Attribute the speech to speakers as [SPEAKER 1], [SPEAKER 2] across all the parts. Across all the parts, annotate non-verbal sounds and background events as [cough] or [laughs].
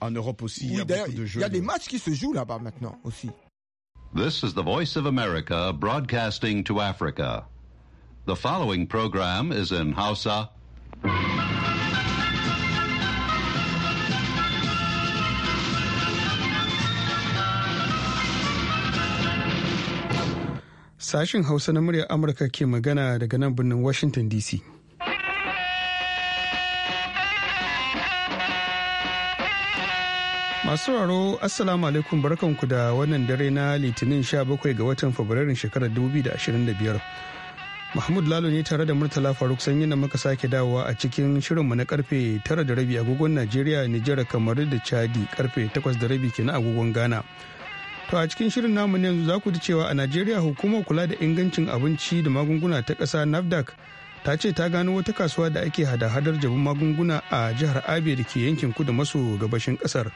[SPEAKER 1] En Europe aussi, oui, il y a beaucoup de jeux. Il y a des matchs qui se jouent là-bas maintenant aussi.
[SPEAKER 2] This is the voice of America broadcasting to Africa. The following program is in Hausa.
[SPEAKER 3] Sashen Hausa na muryar Amurka ke magana daga nan birnin Washington DC. Masu sauraro Assalamu alaikum barkanku da wannan dare na Litinin 17 ga watan Fabrairun shekarar 2025. Mahmud Lalo ne tare da Murtala Faruk sanyi na muka sake dawowa a cikin shirinmu na karfe 9 da rabi agogon Najeriya, Nijar, Kamaru da Chadi karfe 8 da rabi kenan agogon Ghana. To a cikin shirin namu yanzu za ku ji cewa a Najeriya hukumar kula da ingancin abinci da magunguna ta ƙasa NAFDAC ta ce ta gano wata kasuwa da ake hada-hadar jabin magunguna a jihar Abia da ke yankin kudu maso gabashin
[SPEAKER 4] ƙasar.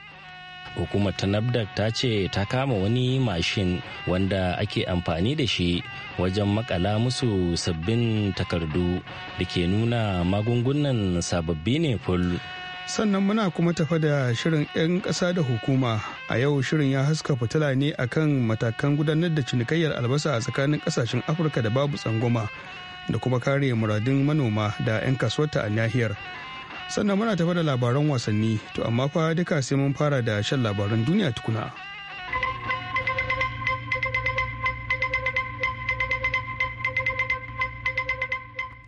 [SPEAKER 4] hukumar ta ta ce ta kama wani mashin wanda ake amfani da shi wajen makala musu sabbin takardu da ke
[SPEAKER 3] nuna magungunan sababbi ne ful sannan muna kuma tafa da shirin 'yan ƙasa da hukuma a yau shirin ya haska fitila ne akan matakan gudanar da cinikayyar albasa a tsakanin ƙasashen afirka da babu tsangwama da kuma kare muradun manoma da 'yan kasuwarta a nahiyar sannan muna tafa da labaran wasanni to amma fa duka sai mun fara da shan labaran duniya tukuna.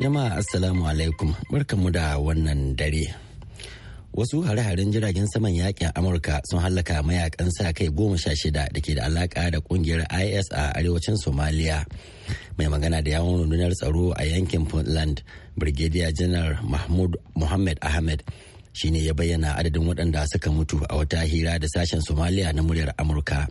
[SPEAKER 3] Jama'a Assalamu
[SPEAKER 5] alaikum mu da wannan dare. Wasu hare-haren jiragen saman yaƙin Amurka sun hallaka mayakan sa kai goma sha shida da ke da alaƙa da ƙungiyar IS a arewacin Somalia. mai magana da yawon rundunar tsaro a yankin puntland brigadier janar mahmud mohammed ahmed ne ya bayyana adadin waɗanda suka mutu a wata hira da sashen somaliya na muryar amurka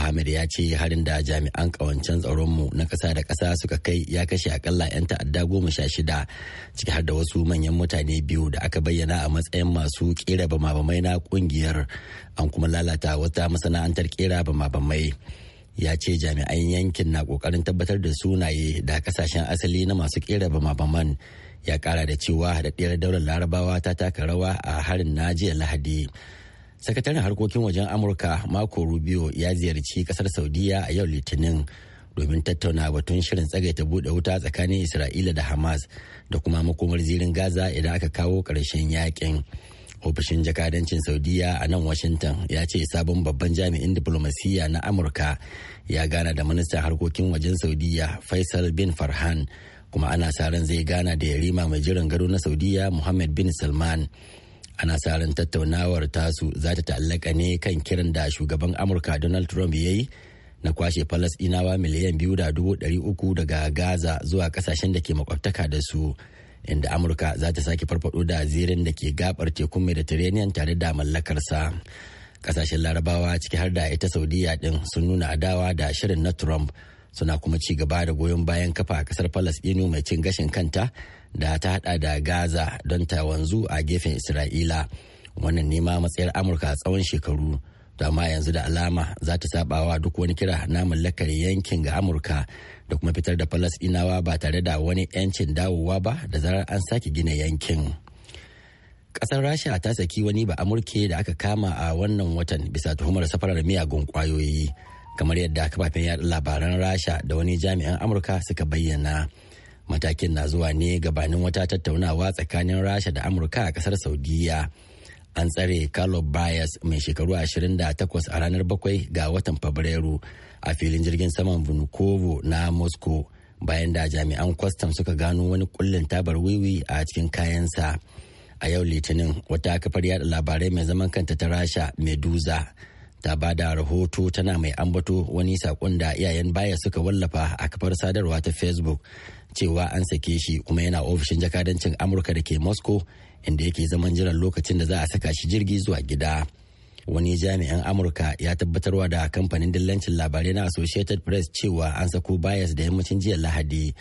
[SPEAKER 5] ahmed ya ce harin da jami'an ƙawancen tsaronmu na ƙasa da ƙasa suka kai ya kashe akalla 'yan ta'adda goma sha shida ciki har da wasu manyan mutane biyu da aka bayyana a matsayin masu ƙera bama-bamai na ƙungiyar an kuma lalata wata masana'antar ƙera bama-bamai ya ce jami'an yankin na kokarin tabbatar da sunaye da kasashen asali na masu kera bama-baman ya kara da cewa haɗaɗɗiyar daular larabawa ta taka rawa a harin na jiya lahadi sakataren harkokin wajen amurka marco rubio ya ziyarci kasar saudiya a yau litinin domin tattauna batun shirin tsagaita buɗe wuta tsakanin isra'ila da hamas da kuma makomar zirin gaza idan aka kawo ƙarshen yakin. ofishin jakadancin saudiya a nan washington ya ce sabon babban jami'in diplomasiyya na amurka ya gana da ministan harkokin wajen saudiya faisal bin farhan kuma ana sa ran zai gana da yarima mai jiran gado na saudiya muhammad bin salman ana sa ran tattaunawar tasu za ta ta'allaka ne kan kiran da shugaban amurka donald trump ya yi na kwashe falasɗinawa miliyan biyu da dubu ɗari uku daga gaza zuwa ƙasashen da ke makwabtaka da su inda amurka za ta sake farfado da zirin da ke gabar tekun mediterranean tare da mallakarsa kasashen larabawa ciki har da ita saudiya din sun nuna adawa da shirin na trump suna kuma ci gaba da goyon bayan kafa kasar falasɗinu mai cin gashin kanta da ta hada da gaza don ta wanzu a gefen isra'ila wannan nema matsayar amurka tsawon shekaru to amma yanzu da alama za ta sabawa duk wani kira na mallakar yankin ga amurka da kuma fitar da falasdinawa ba tare da wani 'yancin dawowa ba da zarar an sake gina yankin ƙasar rasha ta saki wani ba amurke da aka kama a wannan watan bisa tuhumar safarar miyagun kwayoyi kamar yadda kafafen yada labaran rasha da wani jami'an amurka suka bayyana matakin na zuwa ne gabanin wata tattaunawa tsakanin rasha da amurka a ƙasar saudiya an tsare carlo bias mai shekaru 28 a ranar bakwai ga watan fabrairu a filin jirgin saman vunukovo na moscow bayan da jami'an kwastam suka gano wani kullin tabar wiwi a cikin kayansa a yau litinin wata kafar yada labarai mai zaman kanta ta rasha meduza ta ba da rahoto tana mai ambato wani sakon da iyayen baya suka wallafa a kafar sadarwa ta facebook cewa an sake shi kuma yana ofishin jakadancin amurka da ke moscow inda yake zaman jiran lokacin da za a saka shi jirgi zuwa gida wani jami'in amurka ya tabbatarwa da kamfanin dillancin labarai na associated press cewa an sako bias da yammacin jiya lahadi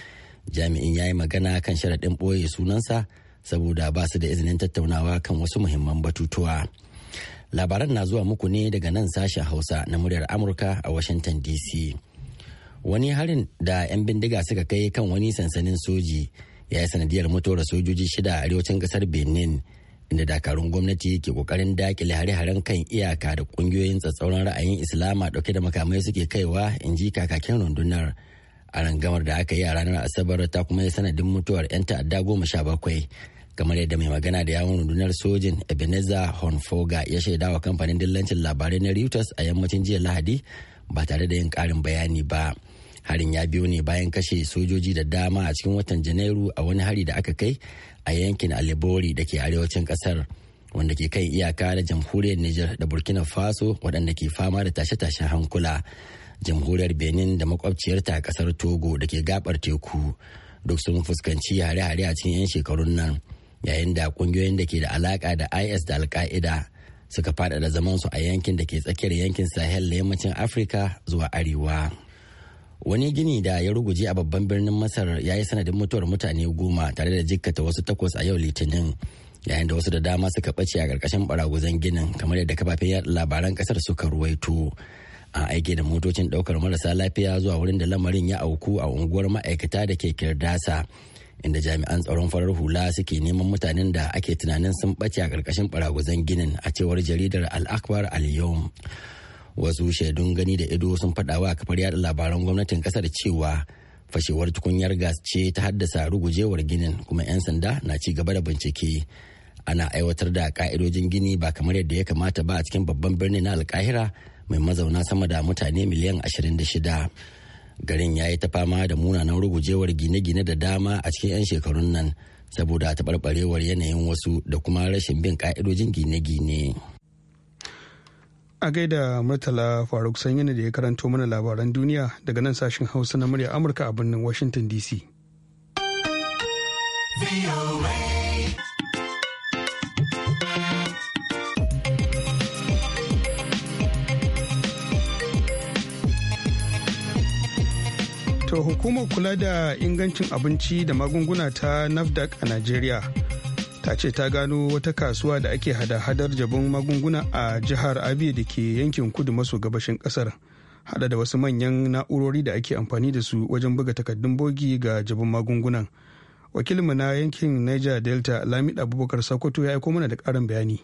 [SPEAKER 5] jami'in ya yi magana kan sharaɗin ɓoye sunansa saboda ba su da izinin tattaunawa kan wasu muhimman batutuwa labaran na zuwa muku ne daga nan sashen hausa na muryar amurka a washington dc wani harin da 'yan bindiga suka kai kan wani sansanin soji ya yi sanadiyar mutuwar sojoji shida a arewacin kasar benin inda dakarun gwamnati ke kokarin dakile hare-haren kan iyaka da kungiyoyin tsatsauran ra'ayin islama dauke da makamai suke kaiwa in ji kakakin rundunar a rangamar da aka yi a ranar asabar ta kuma yi sanadin mutuwar 'yan ta'adda goma sha bakwai kamar yadda mai magana da yawon rundunar sojin ebenezer honfoga ya shaida wa kamfanin dillancin labarai na reuters a yammacin jiya lahadi ba tare da yin karin bayani ba harin ya biyo ne bayan kashe sojoji da dama a cikin watan janairu a wani hari da aka kai a yankin alibori da ke arewacin kasar wanda ke kan iyaka da jamhuriyar niger da burkina faso waɗanda ke fama da tashe-tashen hankula jamhuriyar benin da makwabciyarta a kasar togo da ke gabar teku duk sun fuskanci hare-hare a cikin 'yan shekarun nan yayin da kungiyoyin da ke da alaka da is da alka'ida suka fada faɗaɗa su a yankin da ke tsakiyar yankin sahel na yammacin afirka zuwa arewa. wani gini da ya ruguje a babban birnin masar ya yi sanadin mutuwar mutane goma tare da jikkata wasu takwas a yau litinin yayin da wasu da dama suka ɓace a ƙarƙashin baraguzan ginin kamar yadda kafafen yaɗa labaran ƙasar suka ruwaito a aiki da motocin ɗaukar marasa lafiya zuwa wurin da lamarin ya auku a unguwar ma'aikata da ke kirdasa inda jami'an tsaron farar hula suke neman mutanen da ake tunanin sun ɓace a ƙarƙashin baraguzan ginin a cewar jaridar al-akbar al wasu shaidun gani da ido sun faɗa wa kafar yada labaran gwamnatin kasar cewa fashewar tukunyar gas ce ta haddasa rugujewar ginin kuma 'yan sanda na ci gaba da bincike ana aiwatar da ka'idojin gini ba kamar yadda ya kamata ba a cikin babban birnin na alkahira mai mazauna sama da mutane miliyan 26 garin ya yi ta fama da munanan rugujewar gine-gine da dama a cikin 'yan shekarun nan saboda taɓarɓarewar yanayin wasu da kuma rashin bin ka'idojin gine-gine.
[SPEAKER 3] A gaida Murtala Faruk Sanyina da ya karanto mana labaran duniya daga nan sashen Hausa na murya Amurka a birnin Washington DC. To hukumar kula da ingancin abinci da magunguna ta nafdak a Najeriya. ta ce ta gano wata kasuwa da ake hada-hadar jabin magunguna a jihar abia da ke yankin kudu maso gabashin kasar hada da wasu manyan na'urori da ake amfani da su wajen buga takaddun bogi ga jabin magungunan wakilinmu na yankin niger delta lamid abubakar sokoto ya aiko mana da karin bayani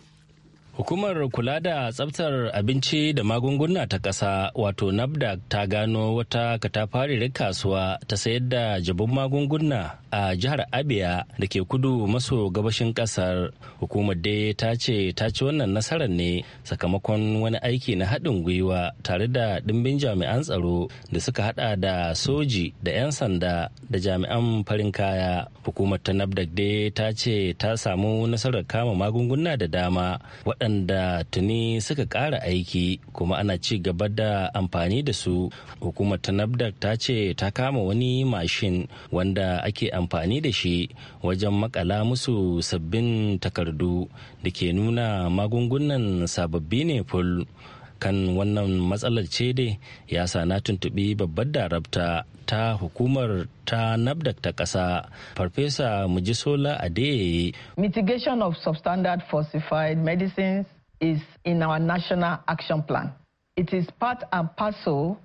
[SPEAKER 4] Hukumar kula da tsaftar abinci da magunguna ta ƙasa wato NAFDAC ta gano wata katafarin kasuwa ta sayar da jabin magunguna a jihar Abia da ke kudu maso gabashin ƙasar. Hukumar dai ta ce ta ci wannan nasarar ne sakamakon wani aiki na haɗin gwiwa tare da ɗimbin jami'an tsaro da suka haɗa da soji da 'yan sanda da jami'an farin kaya. Hukumar ta NAFDAC dai ta ce ta samu nasarar kama magunguna da dama. waɗanda tuni suka ƙara aiki kuma ana ci gaba da amfani da su hukumar ta nafdak ta ce ta kama wani mashin wanda ake amfani da shi wajen makala musu sabbin takardu da ke nuna magungunan sababbi ne ful kan wannan matsalar ce dai ya sa na tuntuɓi babbar darabta ta hukumar ta nafdak ta ƙasa farfesa mujisola
[SPEAKER 1] adeyeye mitigation of substandard falsified medicines is in our national action plan it is part and parcel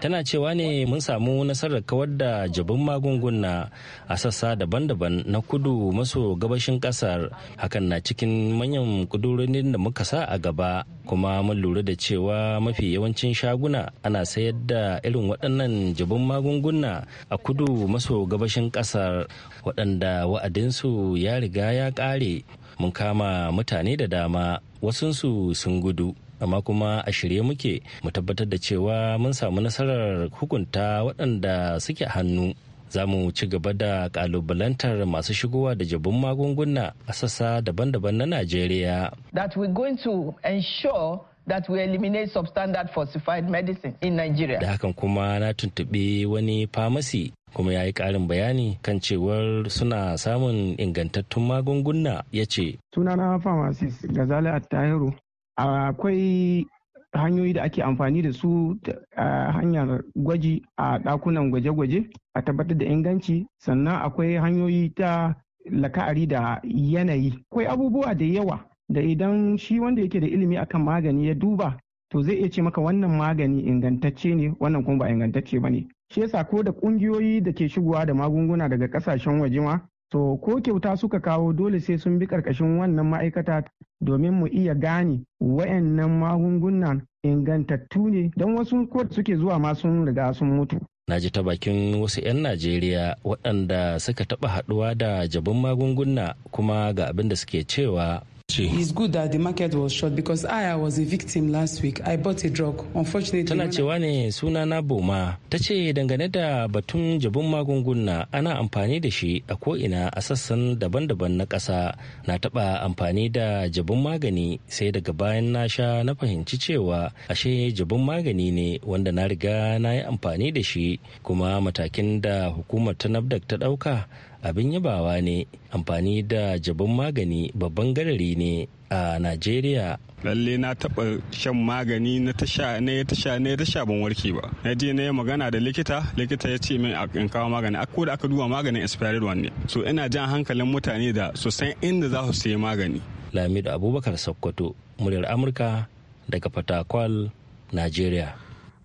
[SPEAKER 4] tana cewa ne mun samu nasarar kawar da jabin magunguna a sassa daban-daban na kudu maso gabashin kasar hakan na cikin manyan kudurorin da muka sa a gaba kuma mun lura da cewa mafi yawancin shaguna ana sayar da irin waɗannan jabin magunguna a kudu maso gabashin kasar waɗanda wa'adinsu ya riga ya ƙare mun kama mutane da dama wasunsu sun gudu amma kuma a shirye muke mu tabbatar da cewa mun samu nasarar hukunta waɗanda suke hannu za mu ci gaba da kalubalantar masu shigowa da jabun magunguna a sassa daban-daban na Najeriya.
[SPEAKER 1] That we're going to ensure that we eliminate substandard falsified medicine in Nigeria. Da
[SPEAKER 4] hakan kuma na tuntuɓe wani famasi kuma ya yi ƙarin bayani kan cewar suna samun ingantattun magunguna ya ce.
[SPEAKER 1] Sunana pharmacist Gazali Attahiru
[SPEAKER 6] akwai hanyoyi da ake amfani da su a hanyar gwaji a ɗakunan gwaje-gwaje a tabbatar da inganci sannan akwai hanyoyi ta laka'ari da yanayi akwai abubuwa da yawa da idan shi wanda yake da ilimi akan magani ya duba to zai iya ce maka wannan magani ingantacce ne wannan kuma ba ingantacce ba ne shi yasa ko da ƙungiyoyi da ke shigowa da magunguna daga kasashen waje ma To ko kyauta suka kawo dole sai sun bi ƙarƙashin wannan ma'aikata domin mu iya gane wayannan magungunan ingantattu ne don wasu ko suke zuwa ma sun riga sun mutu.
[SPEAKER 4] na ji ta bakin wasu 'yan najeriya waɗanda suka taɓa haɗuwa da jabin magunguna kuma ga abin da suke cewa ce. It's
[SPEAKER 6] good that the market was short because I, I was a victim last week. I bought a drug. Unfortunately, tana
[SPEAKER 4] cewa ne suna na Boma. Ta ce dangane da batun jabin magunguna ana amfani da shi a ko'ina a sassan daban-daban na ƙasa. Na taɓa amfani da jabin magani sai daga bayan na sha na fahimci cewa ashe jabin magani ne wanda na riga na yi amfani da shi kuma matakin da hukumar ta NAFDAC ta ɗauka abin yabawa ne amfani da jabin magani babban gadari ne a najeriya lalle na taba shan magani na tasha ne ya tasha ne tasha ban warke ba na je na yi magana da likita likita ya ce min in kawo magani a da aka duba maganin expired one ne so ina jan hankalin mutane da su san inda za su sayi magani lamido abubakar sokoto muryar amurka daga fatakwal najeriya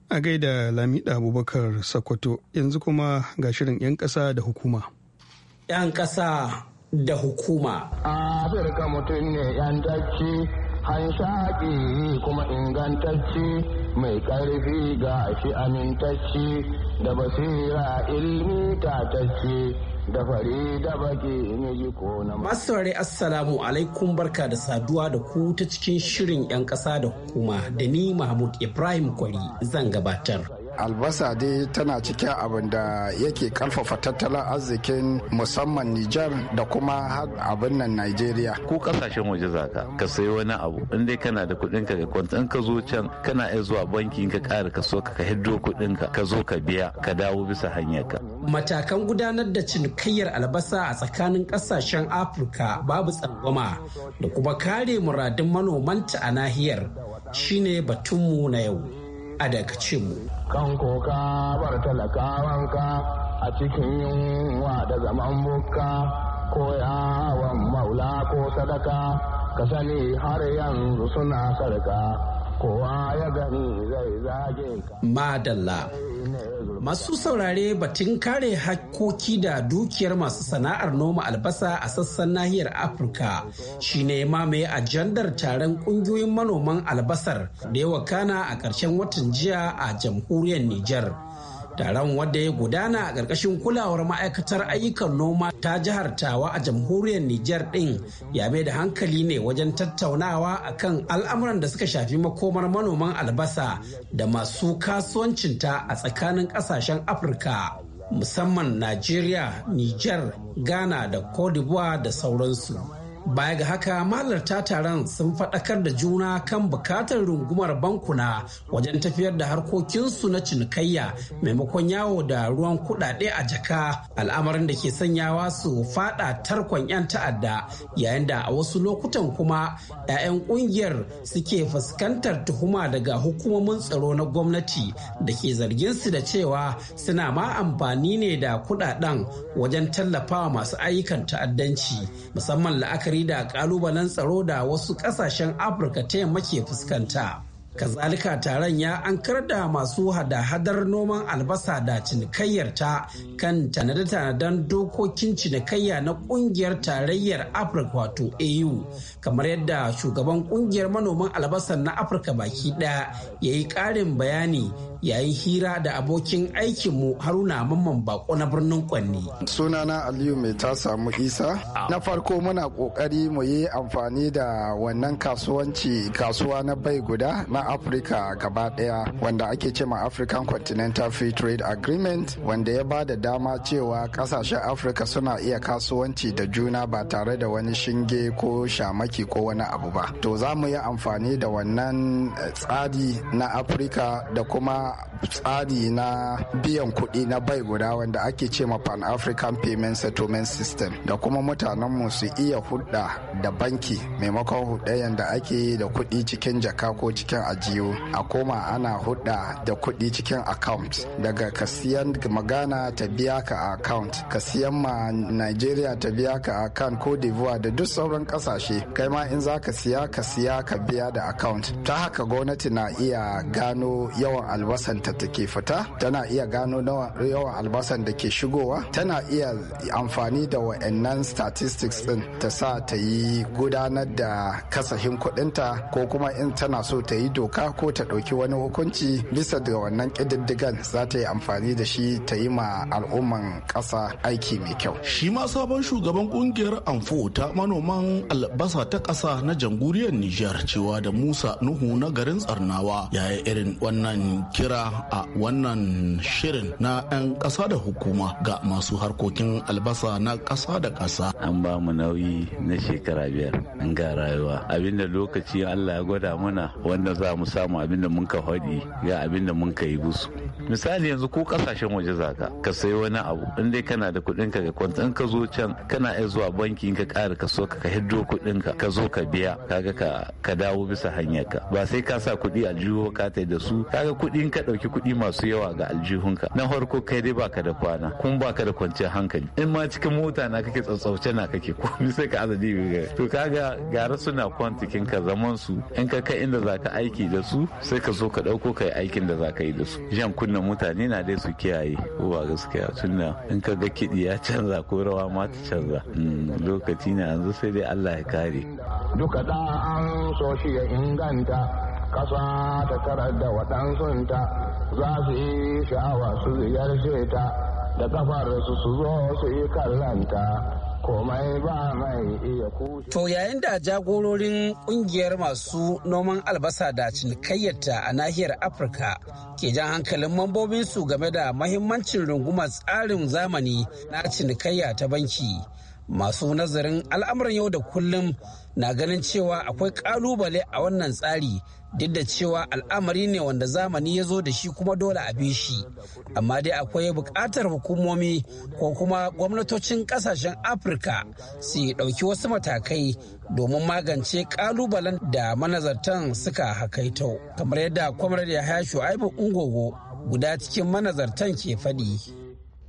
[SPEAKER 3] a gaida lamida abubakar sokoto yanzu kuma ga shirin 'yan ƙasa da hukuma 'yan ƙasa da hukuma.
[SPEAKER 1] Afirka mutum ne yan 'yantacci, hanshaƙi kuma ingantacci mai ƙarfi ga shi amintacci da basira ilmi tatacci. Da fari da baki ne ko na
[SPEAKER 6] Masu Assalamu alaikum barka da saduwa da ku ta cikin shirin 'yan ƙasa da hukuma da ni Mahmud Ibrahim Kwari zan gabatar.
[SPEAKER 1] albasa dai tana cikin abin da yake karfafa tattalin arzikin musamman Nijar da kuma har abin nan nigeria.
[SPEAKER 2] ko kasashen waje za ka sayi wani abu in dai kana da kuɗin ka kwanta in ka zo can kana iya zuwa banki ka ƙara so ka hiddo kuɗin ka ka zo ka biya ka dawo bisa hanyar ka.
[SPEAKER 6] Matakan gudanar da cinikayyar albasa a tsakanin kasashen Afirka babu tsangwama da kuma kare muradun manomanta a nahiyar shine batunmu na yau. a dakace mu.
[SPEAKER 1] Kan koka bar talakawanka a cikin yunwa da zaman bukka ko yawan maula ko sadaka ka sani har yanzu suna sarka.
[SPEAKER 6] Madalla. Masu saurare batun kare hakkoki da dukiyar masu sana'ar noma albasa a sassan nahiyar Afirka shine mamaye ajandar taron kungiyoyin manoman albasar da ya wakana a ƙarshen watan jiya a jamhuriyar Nijar. Taron wanda ya gudana a ƙarƙashin kulawar ma'aikatar ayyukan noma ta jihar Tawa a jamhuriyar Nijar ɗin ya mai da hankali ne wajen tattaunawa akan al'amuran da suka shafi makomar manoman albasa da masu kasuwancinta a tsakanin ƙasashen Afirka. musamman Najeriya, Nijar, Ghana da Cote d'Ivoire da sauransu. Baya ga haka malarta taron sun faɗakar da juna kan bukatar rungumar bankuna wajen tafiyar da harkokinsu na cinikayya maimakon yawo da ruwan kuɗaɗe a jaka al'amarin da ke sanyawa su faɗa tarkon 'yan ta'adda yayin da a wasu lokutan kuma 'ya'yan ƙungiyar suke fuskantar tuhuma daga hukumomin tsaro na gwamnati da ke zargin su da cewa suna ma amfani ne da kuɗaɗen wajen tallafawa masu ayyukan ta'addanci musamman la'akari la'akari da kalubalen tsaro da wasu kasashen afirka ta yamma ke fuskanta kazalika taron ya ankar da masu hada-hadar noman albasa da cinikayyar ta kan tanade-tanaden dokokin cinikayya na kungiyar tarayyar afirka wato au kamar yadda shugaban kungiyar manoman albasa na afirka baki daya ya yi karin bayani yayin hira da abokin aikinmu haruna mamman bako na birnin kwanni.
[SPEAKER 1] sunana aliyu mai ta samu isa na farko muna kokari mu yi amfani da wannan kasuwanci kasuwa na bai guda na afirka gaba daya wanda ake cema african continental free trade agreement wanda ya ba da dama cewa kasashen afirka suna iya kasuwanci da juna ba tare da wani shinge ko shamaki ko wani abu ba to za mu yi amfani da wannan eh, tsari na afirka da kuma kuma tsari na biyan kuɗi na bai guda wanda ake ce ma pan african payment settlement system da kuma mutanenmu su iya hudda da banki maimakon hulɗayen da ake yi da kuɗi cikin jaka ko cikin ajiyo a koma ana hudda da kuɗi cikin account daga ka siyan magana ta biya ka account ka siyan ma nigeria ta biya ka account ko divoire da duk sauran kasashe kai ma in za ka siya ka siya ka biya da account ta haka gwamnati na iya gano yawan albarka albasanta take fita tana iya gano yawan albasan da ke shigowa tana iya amfani da wa'annan statistics din ta sa ta yi gudanar da kasahin kudinta ko kuma in tana so ta yi doka ko ta ɗauki wani hukunci bisa da wannan kididdigan za ta yi amfani da shi ta yi ma al'umman ƙasa aiki mai kyau. Shi ma sabon shugaban kungiyar Amfo ta manoman albasa ta ƙasa na jamhuriyar Nijar cewa da Musa Nuhu na garin Tsarnawa yayi irin wannan kyau kira a wannan shirin na 'yan ƙasa da hukuma ga masu harkokin albasa na ƙasa da ƙasa.
[SPEAKER 2] An ba mu nauyi na shekara biyar an ga rayuwa. Abinda lokaci Allah ya gwada mana wanda za mu samu abinda mun ka haɗi, ga abinda mun ka yi busu. Misali yanzu ko ƙasashen waje zaka ka sayi wani abu in dai kana da kuɗin ka ga kwanta in ka zo can kana iya zuwa banki ka ƙara ka so ka hiddo kuɗin ka ka zo ka biya kaga ka dawo bisa hanyar ka ba sai ka sa kuɗi a jiho ka da su ga kuɗin ka ɗauki kuɗi masu yawa ga aljihunka na farko kai dai baka da kwana kun baka da kwanciyar hankali in ma cikin mota na kake tsautsauce na kake komai [laughs] sai ka azadi ga to kaga gara suna kwantikin ka zaman su in ka kai inda zaka aiki da su sai ka zo ka ɗauko kai aikin da zaka yi da su jan kunna mutane na dai su kiyaye ko ba gaskiya tunda in ka ga kiɗi ya canza ko rawa ma ta canza hmm, lokaci ne yanzu sai dai Allah ya kare
[SPEAKER 1] duka da an so shi ya inganta kasa ta karar da waɗansunta za su yi sha'awa su ziyarce ta da kafarsu su zo su yi kallanta komai ba mai iya kushe. To
[SPEAKER 6] yayin da jagororin ƙungiyar masu noman albasa da cinikayyarta a nahiyar Afirka ke jan hankalin mambobinsu game da mahimmancin rungumar tsarin zamani na cinikayya ta banki. Masu nazarin al'amuran yau da kullum na ganin cewa akwai ƙalubale a wannan tsari duk da cewa al'amari ne wanda zamani ya zo da shi kuma dole a bi shi amma dai akwai bukatar hukumomi ko kuma gwamnatocin kasashen afirka su ɗauki wasu matakai domin magance kalubalen da manazartan suka hakaito kamar yadda kwamrar ya haya shu'aibu ungogo guda cikin manazartan ke faɗi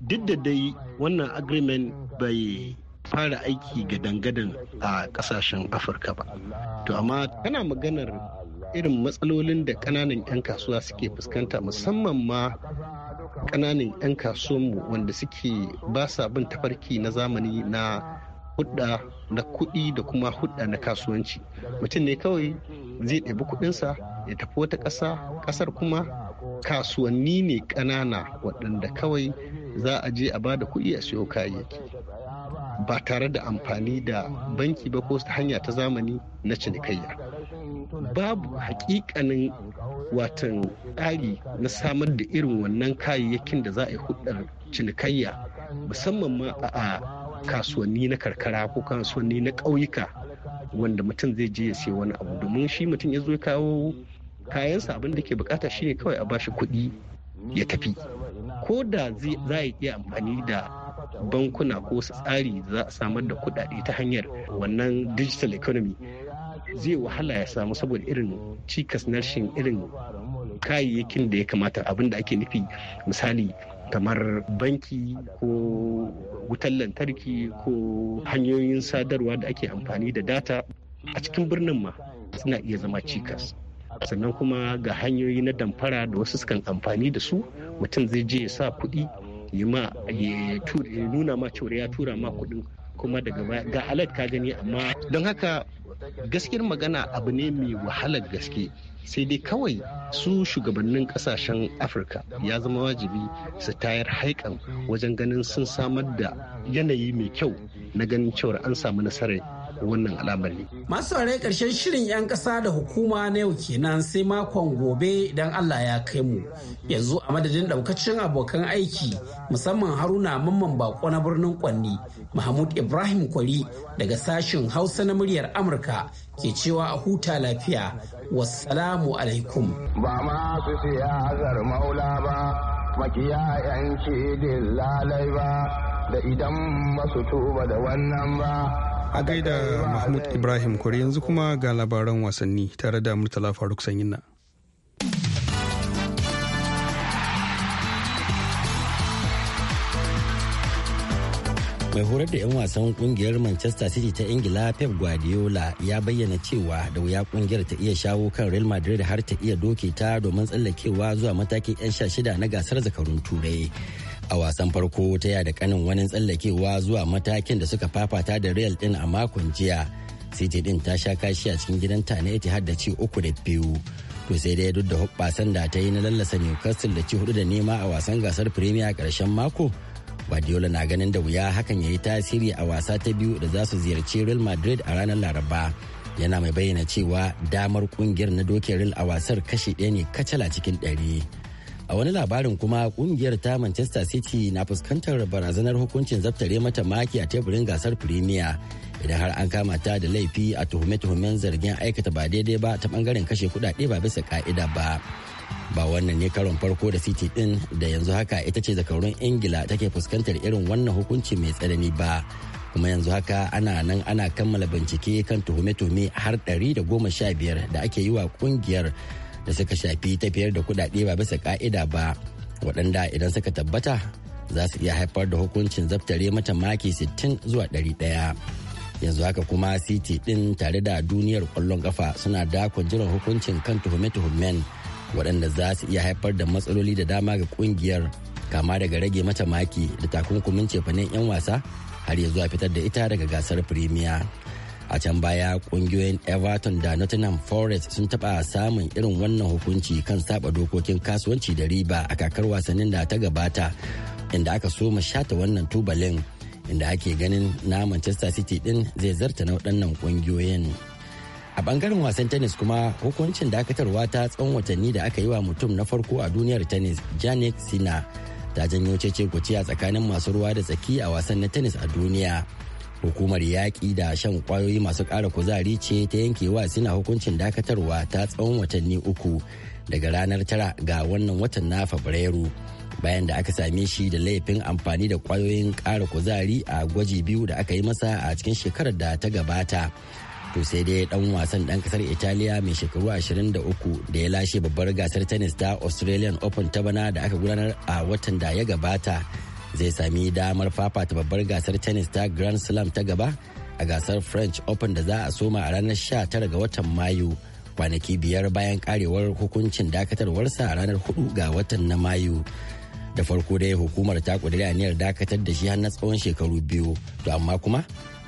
[SPEAKER 6] duk da dai wannan agreement bai fara aiki ga
[SPEAKER 7] dangadan a kasashen afirka ba to amma tana maganar irin matsalolin da kananan 'yan kasuwa suke fuskanta musamman ma ƙananan 'yan kasuwanmu wanda suke ba sa bin tafarki na zamani na hudda na kudi da kuma hudda na kasuwanci mutum ne kawai zai ɗabi kudinsa ya tafi wata ƙasa ƙasar kuma kasuwanni ne ƙanana waɗanda kawai za a je a ba da kuɗi a siyo kayayyaki ba tare da amfani da banki ba ko hanya ta zamani na cinikayya babu hakikanin watan tsari na samar da irin wannan kayayyakin da za a yi hudar cinikayya musamman ma a kasuwanni na karkara ko kasuwanni na ƙauyuka wanda mutum zai je ya sai wani abu domin shi mutum ya zo ya kawo kayansa abin da ke bukata shine kawai a bashi kuɗi ya tafi ko da za a iya amfani da bankuna ko wasu tsari za a samar da kuɗaɗe ta hanyar wannan digital economy zai wahala ya samu saboda irin cikas na rashin irin kayayyakin da ya kamata abin da ake nufi misali kamar banki ko wutar lantarki ko hanyoyin sadarwa da ake amfani da data a cikin birnin ma suna iya zama cikas sannan kuma ga hanyoyi na damfara da wasu sukan amfani da su mutum zai je ya sa kuɗi ma ya nuna ma cewa ya tura ma kuɗin kuma daga ga alat ka gani amma don haka gaskiyar magana abu ne mai wahalar gaske sai dai kawai su shugabannin kasashen afirka ya zama wajibi su tayar haikan wajen ganin sun samar da yanayi mai kyau na ganin cewar an samu nasarar wannan al'amari.
[SPEAKER 6] Masu saurare ƙarshen shirin 'yan ƙasa da hukuma na yau kenan sai makon gobe idan Allah ya kai mu. Yanzu a madadin ɗaukacin abokan aiki musamman Haruna Mamman Bako na birnin Kwanni, Mahmud Ibrahim Kwari daga sashen Hausa na muryar Amurka ke cewa a huta lafiya. Wassalamu
[SPEAKER 1] alaikum. Ba ma su siyasar maula ba, makiya 'yanci dillalai ba, da idan masu tuba da wannan ba.
[SPEAKER 3] A gaida Mahmud Ibrahim Kure yanzu kuma ga labaran wasanni tare da Murtala Faruk sanyina.
[SPEAKER 5] mai horar da 'yan wasan kungiyar manchester city ta ingila pep guardiola ya bayyana cewa da wuya kungiyar ta iya shawo kan real madrid har ta iya doke ta domin tsallakewa zuwa matakin 'yan sha shida na gasar zakarun turai a wasan farko ta yada kanin wani tsallakewa zuwa matakin da suka fafata da real din a makon jiya city din ta sha kashi a cikin gidanta na itihad da ci uku da biyu to sai dai duk da hubbasan da ta yi na lallasa newcastle da ci hudu da nema a wasan gasar premier karshen mako guardiola na ganin da wuya hakan ya yi tasiri a wasa ta biyu da za su ziyarci real madrid a ranar laraba yana mai bayyana cewa damar kungiyar na doke real a wasar kashi ɗaya ne kacala cikin ɗari a wani labarin kuma kungiyar ta manchester city na fuskantar barazanar hukuncin zaftare mata maki a teburin gasar premier idan har an kama ta da laifi a tuhume-tuhumen zargin aikata ba daidai ba ta bangaren kashe kudade ba bisa ka'ida ba ba wannan ne karon farko da city din da yanzu haka ita ce zakarun ingila take fuskantar irin wannan hukunci mai tsanani ba kuma yanzu haka ana nan ana kammala bincike kan tuhume-tuhume har 115 da ake yi wa kungiyar da suka shafi tafiyar da kudade ba bisa ka'ida ba waɗanda idan suka tabbata za su iya haifar da hukuncin zaftare mata maki 60 zuwa 100 yanzu haka kuma city din tare da duniyar kwallon kafa suna dakon jiran hukuncin kan tuhume-tuhumen waɗanda za su iya haifar da matsaloli da dama ga kungiyar kama daga rage mata maki da takunkumin cefanen 'yan wasa har ya zuwa fitar da ita daga gasar firimiya. a can baya kungiyoyin everton da nottingham forest sun taɓa samun irin wannan hukunci kan saba dokokin kasuwanci da riba a kakar wasannin da ta gabata inda aka soma shata wannan tubalin inda ake ganin na manchester city din zai zarta na waɗannan kungiyoyin a bangaren wasan tennis kuma hukuncin dakatarwa ta tsawon watanni da aka yi wa mutum na farko a duniyar tennis janet sina ta janyo cece a tsakanin masu ruwa da tsaki a wasan na tennis a duniya hukumar yaƙi da shan ƙwayoyi masu ƙara kuzari ce ta yankewa suna hukuncin dakatarwa ta tsawon watanni uku daga ranar tara ga wannan watan na fabrairu bayan da aka same shi da laifin amfani da ƙwayoyin ƙara kuzari a gwaji biyu da aka yi masa a cikin shekarar da ta gabata to sai dai dan wasan dan kasar italiya mai shekaru 23 da ya lashe babbar gasar tennis ta australian open ta bana da aka gudanar a watan da ya gabata zai sami damar fafata babbar gasar tennis ta grand slam ta gaba a gasar french open da za a soma a ranar 19 ga watan mayu kwanaki biyar bayan karewar hukuncin dakatarwarsa a ranar 4 ga watan na mayu da farko dai hukumar ta kudiri aniyar dakatar da shi har na tsawon shekaru biyu to amma kuma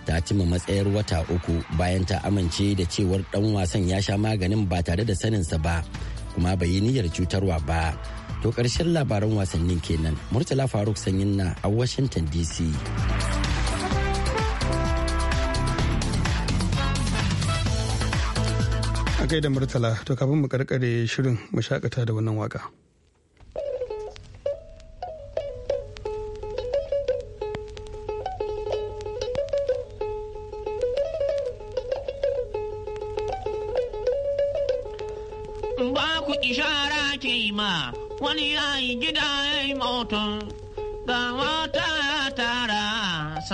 [SPEAKER 5] ta cima matsayar wata uku bayan ta amince da cewar dan wasan ya sha maganin ba tare da saninsa ba kuma bai yi niyyar cutarwa ba To ƙarshen labaran wasannin kenan Murtala Faruk
[SPEAKER 3] Sanyin na a Washington DC. A da Murtala, to kafin mu karkare shirin mu shakata da wannan waka.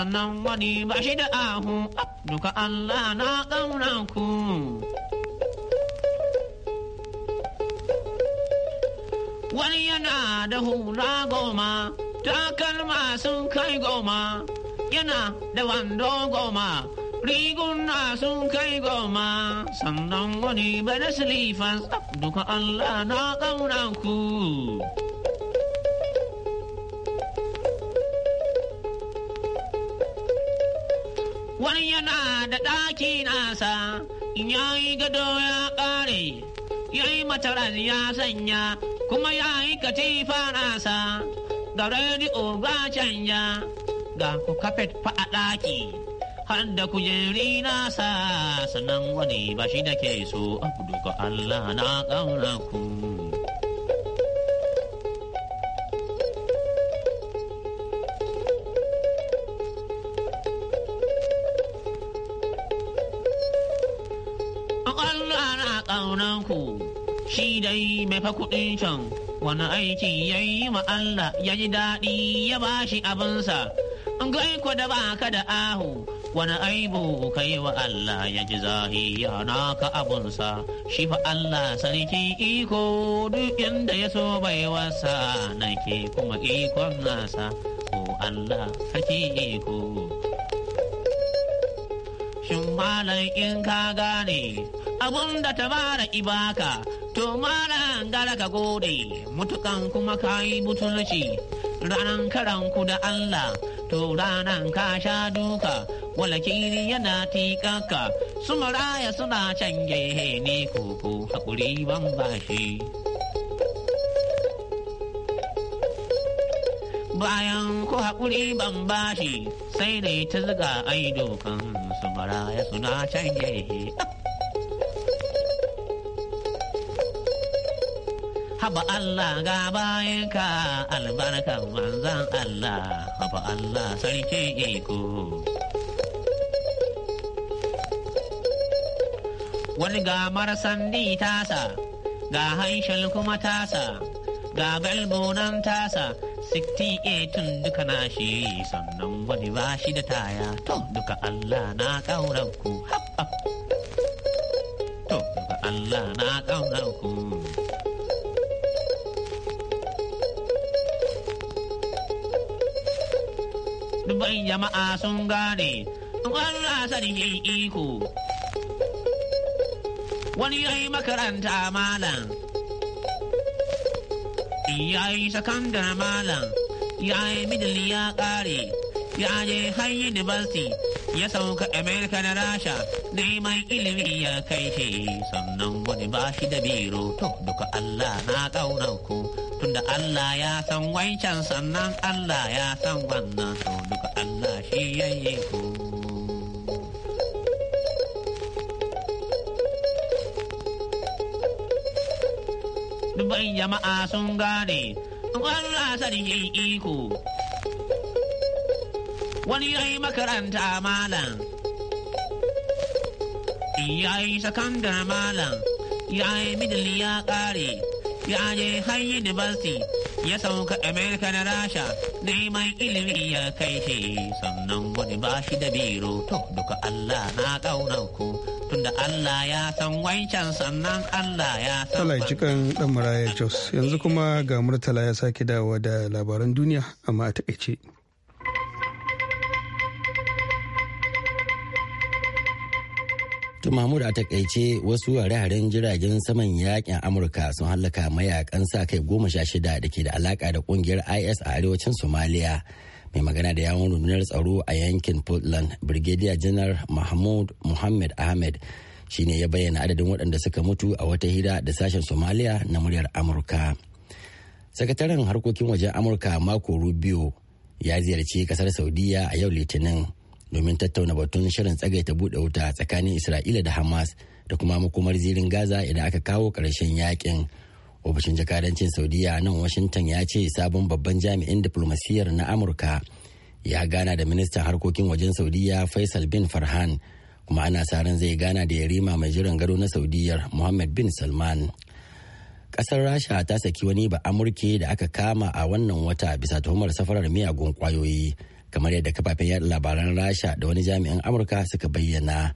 [SPEAKER 8] sannan wani ba shi da ahu duka Allah na ƙauna ku. Wani yana da hula goma, takalma sun kai goma, yana da wando goma, riguna sun kai goma, sannan wani ba da silifas duka Allah na ƙauna ku. wani yana da ɗaki nasa ya yi gado ya ƙare ya yi mataras ya sanya kuma ya yi katifa nasa ga rediyo ga canja ga ku kafet fa a ɗaki har da kujeri nasa sannan wani ba shi da ke so abu duka Allah na ƙaunar ku. dai mai kuɗin can wani aiki ya yi ma Allah ya ji daɗi ya ba shi abinsa. Gai ko da ba ka da ahu wani aibu ka yi wa Allah ya ji ya naka abunsa shi fa Allah sarki iko duk inda ya so bai wasa nake kuma ikon nasa ko Allah sarki iko. Shin malam in ka gane abun da ta bara ibaka To mara gara ka gode, mutukan kuma ka yi butulci, ranan karan ku da Allah, to ranan ka sha duka, wala kiri yana tikaka, su maraya suna can gehe ne koko haƙuri ban bashi. Bayan ku haƙuri ban bashi, sai dai ta zuga ai dokan su maraya suna can gehe. haba Allah ga bayanka albarkar manzan Allah haba Allah sarki iko wani ga marasandi tasa ga haishal kuma tasa ga galbonan tasa 68 duka na shi sannan wani ba shi da taya to duka Allah na ƙaunar ku to duka Allah na ƙaunar ku bai jama'a sun gane Allah sarki iko wani ya yi makaranta malam ya yayi sakandar malam ya yi middle ya kare ya je har university ya sauka Amerika na rasha neman ilimi ya kai shi sannan wani ba shi da biro to duka Allah na kaunar tunda Allah ya san wancan sannan Allah ya san wannan to Allah shi yayi ku. dubban jama'a sun gane da sarki iko wani ya yi makaranta malam ya yi sakandar malam ya yi midil ya kare ya je har university ya sauka amerika na rasha neman ilimi ya kai shi sannan wani ba shi da biro to duka allah na ƙaunar ku tunda allah ya san wancan sannan allah ya
[SPEAKER 3] san Allah cikin dan maraya jos yanzu kuma ga murtala ya sake dawo da labaran duniya amma a takaice.
[SPEAKER 5] To Mahmud a takaice wasu hare-haren jiragen saman yakin Amurka sun hallaka mayakan sa kai goma sha shida da ke da alaka da kungiyar IS a arewacin Somalia. Mai magana da yawon rundunar tsaro a yankin Portland, Brigadier General Mahmud Muhammad Ahmed shi ne ya bayyana adadin waɗanda suka mutu a wata hira da sashen Somalia na muryar Amurka. Sakataren harkokin wajen Amurka Marco Rubio ya ziyarci kasar Saudiya a yau Litinin. domin tattauna batun shirin tsagaita buɗe wuta tsakanin isra'ila da hamas da kuma makomar zirin gaza idan aka kawo ƙarshen yakin ofishin jakadancin saudiya nan washington ya ce sabon babban jami'in diflomasiyyar na amurka ya gana da ministan harkokin wajen saudiya faisal bin farhan kuma ana sa ran zai gana da yarima mai jiran gado na saudiyar muhammad bin salman kasar rasha ta saki wani ba amurke da aka kama a wannan wata bisa tuhumar safarar miyagun kwayoyi. kamar yadda kafafen yada labaran rasha da wani jami'in amurka suka bayyana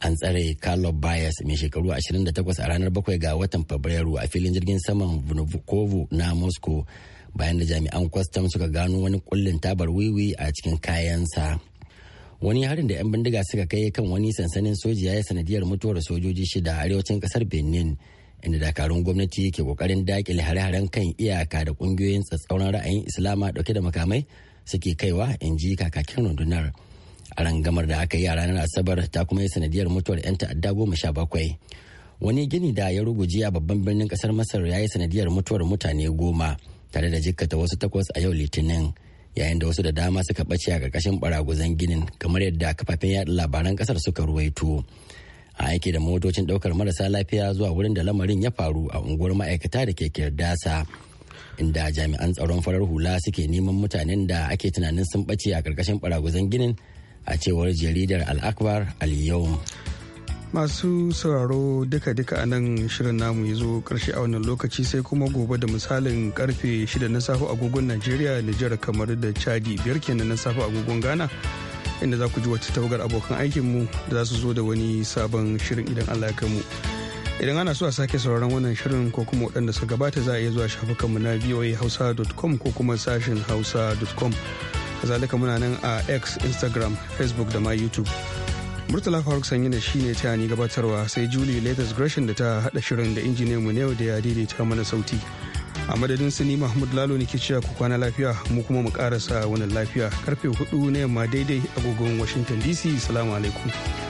[SPEAKER 5] an tsare carlo bias mai shekaru 28 a ranar 7 ga watan fabrairu a filin jirgin saman vnukovo na moscow bayan da jami'an kwastam suka gano wani kullin tabar wiwi a cikin kayansa wani harin da 'yan bindiga suka kai kan wani sansanin soji ya yi sanadiyar mutuwar sojoji shida a arewacin kasar benin inda dakarun gwamnati ke kokarin dakile hare-haren kan iyaka da kungiyoyin tsatsauran ra'ayin islama dauke da makamai suke kaiwa in ji kakakin rundunar a rangamar da aka yi a ranar asabar ta kuma yi sanadiyar mutuwar 'yan ta'adda goma sha bakwai wani gini da ya ruguje a babban birnin kasar masar ya yi sanadiyar mutuwar mutane goma tare da jikkata wasu takwas a yau litinin yayin da wasu da dama suka ɓace a ƙarƙashin baraguzan ginin kamar yadda kafafen yaɗa labaran ƙasar suka ruwaito a aiki da motocin ɗaukar marasa lafiya zuwa wurin da lamarin ya faru a unguwar ma'aikata da ke kirdasa inda jami'an tsaron farar hula suke neman mutanen da ake tunanin sun bace a ƙarƙashin baraguzan ginin a cewar jaridar al'akbar al-yawm
[SPEAKER 3] masu sauraro duka-duka a nan shirin namu ya zo karshe a wannan lokaci sai kuma gobe da misalin karfe 6 na safe agogon najeriya nijar kamar da chadi biyar kenan na safe agogon ghana inda za ku ji wata tawagar abokan aikinmu da za su zo da wani sabon shirin idan allah ya kai mu. idan ana so a sake sauraron wannan shirin ko kuma waɗanda suka gabata za a iya zuwa shafukanmu na hausa.com ko kuma sashin hausa.com kazalika muna nan a x instagram facebook da ma youtube murtala faruk sanyi da shi ne ta ni gabatarwa sai juli latest gresham da ta haɗa shirin da injiniyan mu yau da ya daidaita mana sauti a madadin sani mahmud lalo ne ke cewa ku kwana lafiya mu kuma mu karasa wani lafiya karfe hudu na yamma daidai agogon washington dc salamu alaikum